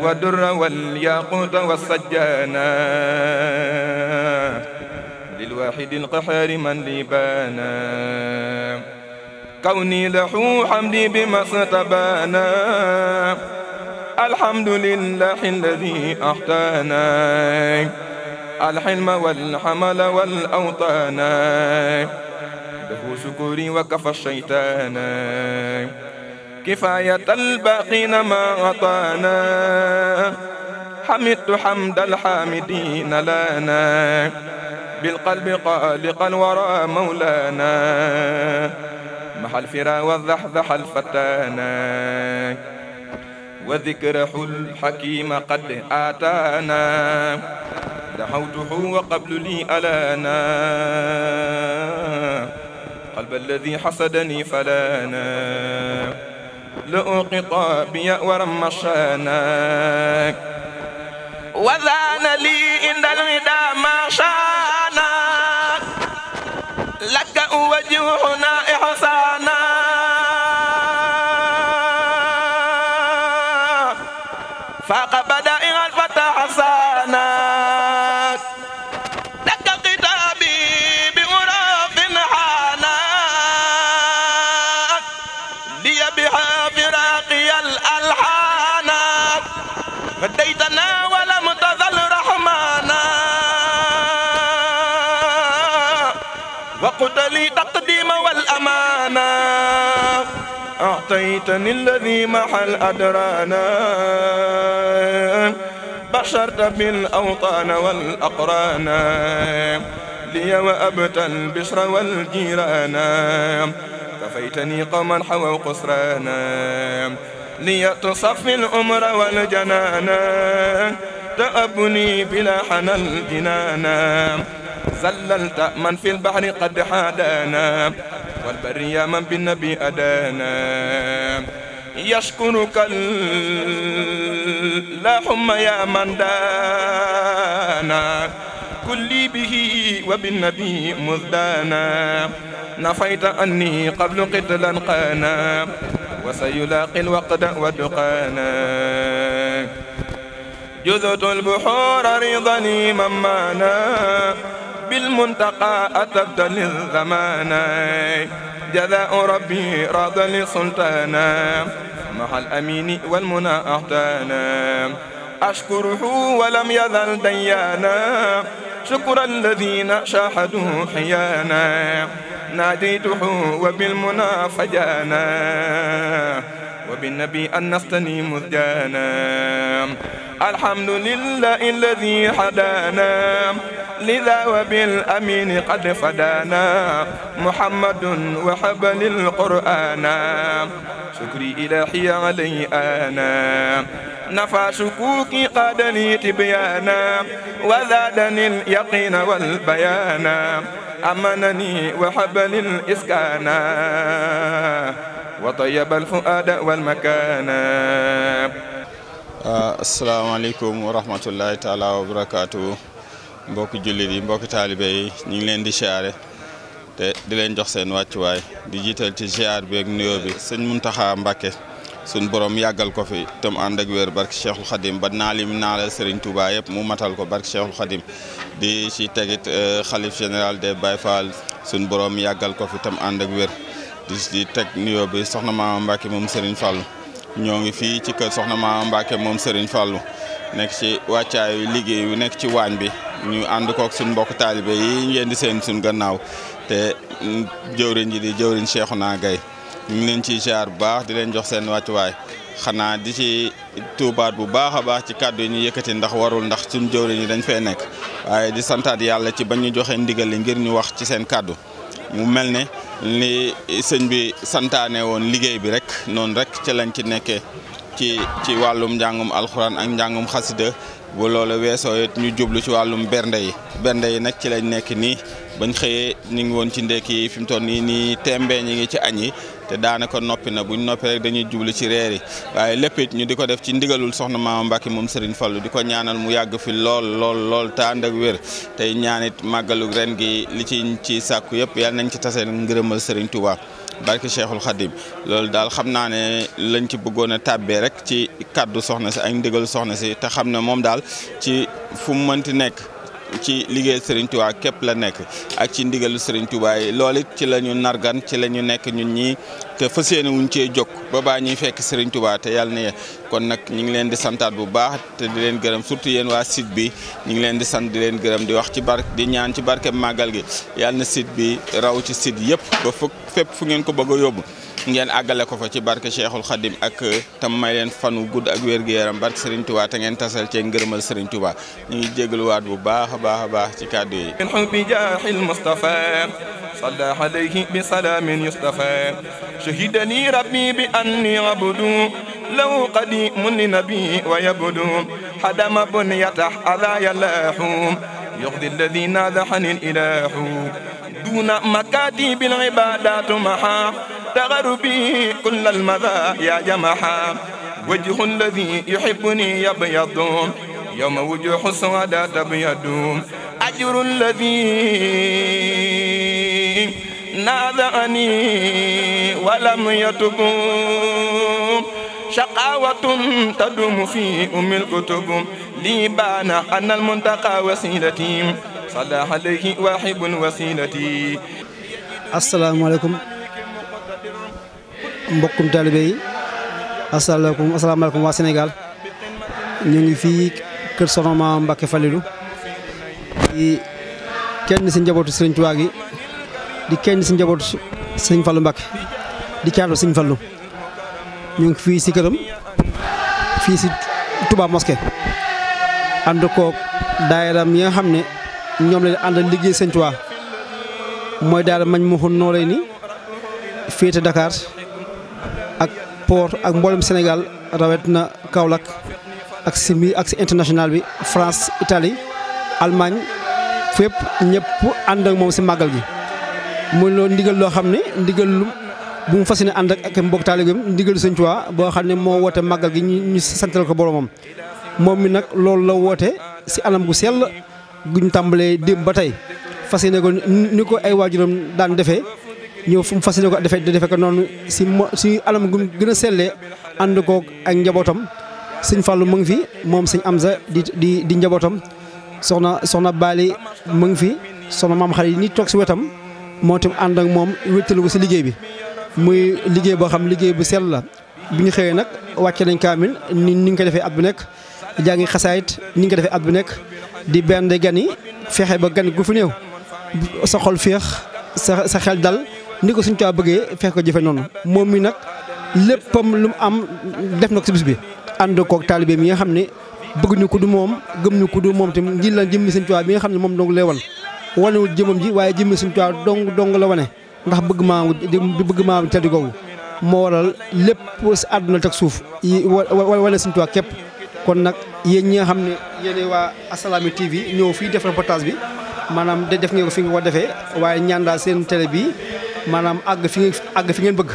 والدر والياقوت والسجانا للواحد القحار من لبانا كوني له حمدي بما استبانا الحمد لله الذي أحتانا الحلم والحمل والأوطانا له شكري وكفى الشيطانا كفاية الباقين ما أعطانا حمدت حمد الحامدين لنا بالقلب قالق الورى مولانا محى الفرا والذحذح الفتانا وذكره الحكيم قد آتانا دعوته وقبل لي ألانا قلب الذي حسدني فلانا لؤ خطابي ورمشاناك وذان لي عند الوداع ما شاناك لك وجهنا أعطيتني الذي محل أدرانا بشرت بالأوطان والأقرانا لي وأبت البشر والجيرانا كفيتني قوما حووا قصرانا لي تصفي الأمر والجنانا تأبني بلا حنى الجنانا زللت من في البحر قد حادانا والبر يا من بالنبي أدانا يشكرك اللهم يا من دانا كل به وبالنبي مزدانا نفيت أني قبل قتلا قانا وسيلاقي الوقت ودقانا جذت البحور رضني ممانا بالمنتقى أتبت للزمانا جزاء ربي راض لسلطانا مع الأمين والمنى أحتانا أشكره ولم يزل ديانا شكر الذين شاهدوا حيانا ناديته وبالمنى فجانا وبالنبي أن نستنيم مزجانا الحمد لله الذي هدانا لذا وبالأمين قد فدانا محمد وحبل القرآن شكري إلهي علي أنا نفى شكوكي قادني تبيانا وزادني اليقين والبيانا أمنني وحبني الإسكانا وطيب الفؤاد والمكانا assalaamu alaykum wa taala wa mbokki jullit mbokki taalibe yi ñu ngi leen di siyaare te di leen jox seen wàccuwaay di jiital ci siyaar bi ak suñ borom yàggal ko fi tam ànd ak wér barke Cheikhul Khadim ba naalim naala Serigne Touba yëpp mu matal ko barke Cheikhul Khadim di ci tegit euh, xalif général des Baye Fall suñ borom yàggal ko fi tam ànd ak wér di ci teg nuyoo bi soxna Maama Mbacke moom Serigne Fallou ñoo ngi fii ci kër soxna Maama Mbacke moom Serigne Fallou nekk ci wàccaayu liggéey yu nekk ci waañ bi ñu ànd kook suñ mbokk taalibe yi ngeen di seen suñ gannaaw te mm, jëwriñ ji di jëwriñ Cheikhouna Gaye ñu leen ci ziar bu baax di leen jox seen wàccuwaay xanaa di ci tuubaat bu baax a baax ci kàddu yi ñu yëkkati ndax warul ndax suñu jëwriñ yi dañ fee nekk waaye di santaat yàlla ci bañ ñu joxe ndigal li ngir ñu wax ci seen kàddu mu mel ne li sëñ bi santaane woon liggéey bi rek noonu rek ci lañ ci nekkee ci ci wàllum njàngum alxuraan ak njàngum xasida bu loolu weesoo it ñu jublu ci wàllum bernde yi bernde yi nag ci lañ nekk nii bañ xëyee ñu ngi woon ci ndekki yi fi mu toll nii nii tembee ñi ngi ci añ yi te daanaka noppi na buñ noppi rek dañuy jublu ci reer yi waaye lépp it ñu di ko def ci ndigalul soxna Maama Mbacke moom Serigne Fallou di ko ñaanal mu yàgg fi lool lool lool te ak wér tey ñaanit màggalu ren gi li ci ci sàkku yëpp yàlla nañ ci tase ngërëmal Serigne Touba. barke Cheikhul Khadim loolu daal xam naa ne lañ ci bëggoon a tàbbee rek ci kàddu soxna si ay ndigal soxna si te xam ne moom daal ci fu mu mënti nekk ci liggéey Serigne Touba képp la nekk ak ci ndigalu Serigne Touba yi ci la ñu nargan ci la ñu nekk ñun ñii te fas yéene wuñ cee jokk ba baa ñuy fekk Serigne Touba te yàlla na kon nag ñu leen di santaat bu baax te di leen gërëm surtout yéen waa site bi ñu ngi leen di sant di leen gërëm di wax ci barke di ñaan ci barke màggal gi yàlla na site bi raw ci site yëpp ba fu fépp fu ngeen ko bëgg a yóbbu geen àggale ko fa ci barke Cheikhul Khadim ak tam may leen fan wu gudd ak wér gu yaram barke Serigne Touba te ngeen tasal cee ngërëmal Serigne Touba ñu ngi jégaluwaat bu baax a baax a baax ci kàddu yi. صلى عليه شهدني ربي بأني عبد له قديم لنبي ويبدو حدم بنيته على يلاح يقضي الذين ذحن الإله دون مكاتب العبادات محا تغربي كل المذا يا جمحا وجه الذي يحبني يبيض يوم وجوه السعادة تبيض أجر الذي نازعني ولم يتب شقاوة تدوم في أم الكتب لي بان أن المنتقى وسيلتي صلى عليه واحب وسيلتي السلام عليكم fii kër Soxna Maam Mbacke Falilou kenn si njabootu di kenn si njaboot sëñ Fallou Mbacke di caatu sëñ Fallou ñu ngi fii si këram fii si Touba Mosquée ànd koog daayaram yi nga xam ne ñoom lañ ànd liggéey sëñ Touba mooy daara mañ mu xun noo lay ni féete Dakar ak port ak mboolem Sénégal rawet na Kaolack ak si mi ak si international bi France Italie Allemagne fépp ñëpp ànd ak moom si màggal gi muy loolu ndigal loo xam ne ndigal lu bu mu fas yéene ànd ak mbokk taalibeem ndigal Sëñ Tuubaa boo xam ne moo woote màggal gi ñu santal ko boromam moom mi nag loolu la woote si anam gu sell guñ tàmbalee démb ba tey fas yéene ko ni ko ay waajuram daan defee ñëw fu mu fas ko defee di defee ko noonu si si anam gu gën a sellee ànd koog ak njabootam sëñ Fallou mu ngi fi moom sëñ Amza di di di njabootam soxna soxna Bali mu ngi fi soxna maam xale yi nii toog si wetam. moo tam ànd ak moom wéttalu ko si liggéey bi muy liggéey boo xam liggéey bu sel la bu ñu xëyee nag wàcce nañ kaamil ni ni nga ko defee at bu nekk jaa jàngi xasaayit ni nga ko defee at bu nekk di benn gan yi fexe ba gan gu fi néew sa xol féex sa sa xel dal ni ko suñu caa bëggee fexe ko jëfe noonu moom mi nag léppam lu mu am def na ko si bis bi ànd koog taalibe mi nga xam ni bëgguñu ko du moom gëm ñu ko du moom tam ngir lan jëmmi suñu bi nga xam ne moom dong leewal wanewul jëmam ji waaye jëmmi suñu Tuubaa dong dong la wane ndax bëgg maam bi bëgg maam tedd googu moo waral lépp si àdduna teg suuf yi wane suñu Tuubaa képp kon nag yéen ñi nga xam ne yéen waa Assalaamy TV ñëw fii def reportage bi maanaam def ngeen ko fi nga ko defee waaye ñaan seen télé bi maanaam àgg fi àgg fi ngeen bëgg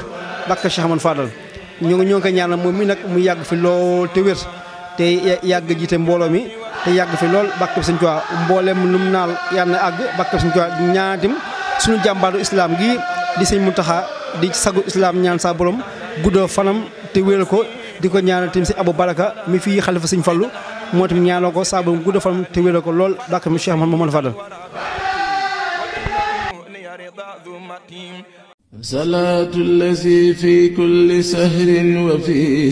bakk Cheikh Amadou Fadal ñoo ngi ñoo ngi koy ñaanal moom mi nag mu yàgg fi lool te wér te yàgg jiite mbooloo mi te yàgg fi lool bàkkab Sëñ Tuubaa mboolem nu mu naal yàlla na bàkk bàkkab Sëñ Tuubaa ñaanatim suñu jàmbaaru islaam gi di Sëñ Muntaxa di sagu islam ñaan sa borom guddoo fanam te wéral ko di ko ñaanal tamit Abu Baraka mi fii xalifa Sëñ moo tamit ko sa borom guddoo fanam lool bàkk mi Cheikh Mouhamed fi kulli sahrin wa fi